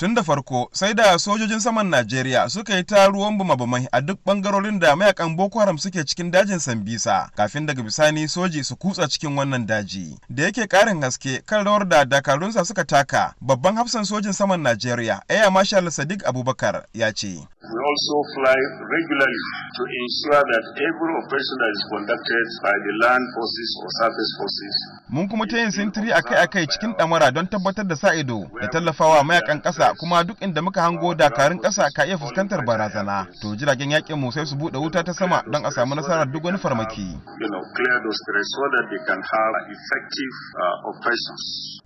tun da farko sai da sojojin saman najeriya suka yi ta ruwan bumabumai a duk bangarorin da mayakan boko haram suke cikin dajin sambisa kafin daga bisani soji su kutsa cikin wannan daji da yake karin haske kan rawar da dakarunsa suka taka babban hafsan sojin saman najeriya air marshal sadiq abubakar ya ce We also fly regularly to ensure that every operation is conducted by the land forces or surface forces mun kuma ta yin sintiri a kai a kai cikin ɗamara don tabbatar da sa ido da tallafawa mayakan ƙasa kuma duk inda muka hango dakarun ƙasa ka iya fuskantar barazana to jiragen yakin mu sai su buɗe wuta ta sama don a samu nasarar duk wani farmaki uh,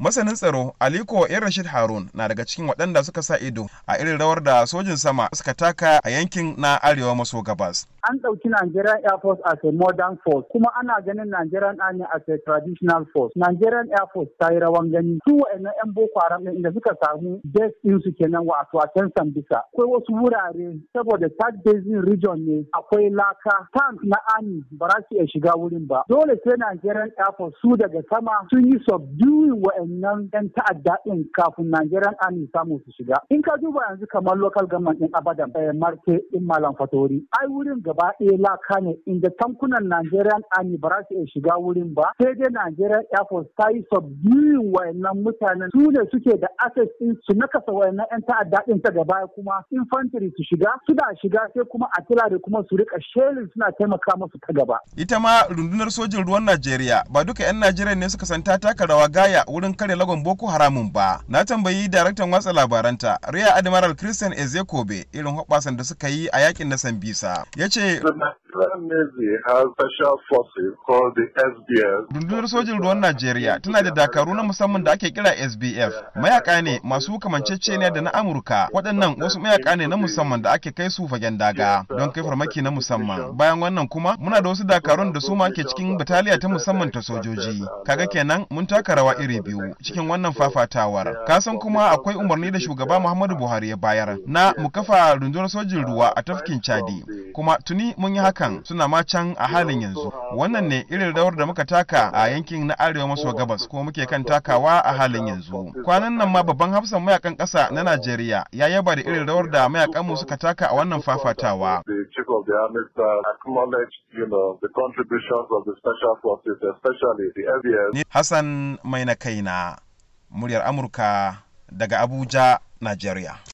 masanin tsaro aliko yan rashid harun na daga cikin waɗanda suka sa ido a irin rawar da sojin sama suka taka a yankin na arewa maso gabas an ɗauki Nigerian Air Force as a modern force kuma ana ganin Nigerian Army as a traditional force. Nigerian Air Force ta yi rawan gani su wa'annan 'yan Boko Haram ɗin da suka samu base ɗin su kenan wa? a can Sambisa. Akwai wasu wurare saboda Third Basin region ne akwai laka tank na Army ba za su iya shiga wurin ba. Dole sai Nigerian Air Force su daga sama sun yi subduing wa'annan 'yan ta'adda ɗin kafin Nigerian Army samu su shiga. In ka duba yanzu kamar local government ɗin Abadan, eh, Marte ɗin Malam Fatori. Ai wurin gaba gaba ɗaya laka ne inda tankunan Nigerian Army ba za su iya shiga wurin ba sai dai Nigerian Air Force ta yi subduing wayannan mutanen su ne suke da access din su nakasa wayannan 'yan ta'adda ɗin ta gaba kuma infantry su shiga suna shiga sai kuma artillery kuma su rika shelling suna taimaka musu ta gaba. Ita ma rundunar sojin ruwan Najeriya ba duka 'yan Najeriya ne suka santa taka rawa gaya wurin kare lagon Boko Haramun ba. Na tambayi daraktan watsa labaranta Rear Admiral Christian Ezekobe irin hoɓɓasan da suka yi a yakin na Sambisa. Ya 对吧？Israel Navy has special Rundunar sojin ruwan Najeriya tana da dakaru na musamman da ake kira SBF. Mayaka ne masu kamanceceniya da na Amurka. Waɗannan wasu mayaka ne na musamman da ake kai su fagen daga don kai farmaki na musamman. Bayan wannan kuma muna da wasu dakarun da su ma ke cikin bataliya ta musamman ta sojoji. Kaga kenan mun taka rawa iri biyu cikin wannan fafatawar. san kuma akwai umarni da shugaba Muhammadu Buhari ya bayar na mu kafa rundunar sojin ruwa a tafkin Chadi. Kuma tuni mun yi hakan hakan suna ma can a halin yanzu wannan ne irin rawar da muka taka a yankin na arewa maso gabas ko muke kan takawa a halin yanzu kwanan nan ma babban hafsan mayakan ƙasa na najeriya ya yaba da irin rawar da mayakan mu suka taka a wannan fafatawa Hassan mai na kaina muryar Amurka daga Abuja, Najeriya.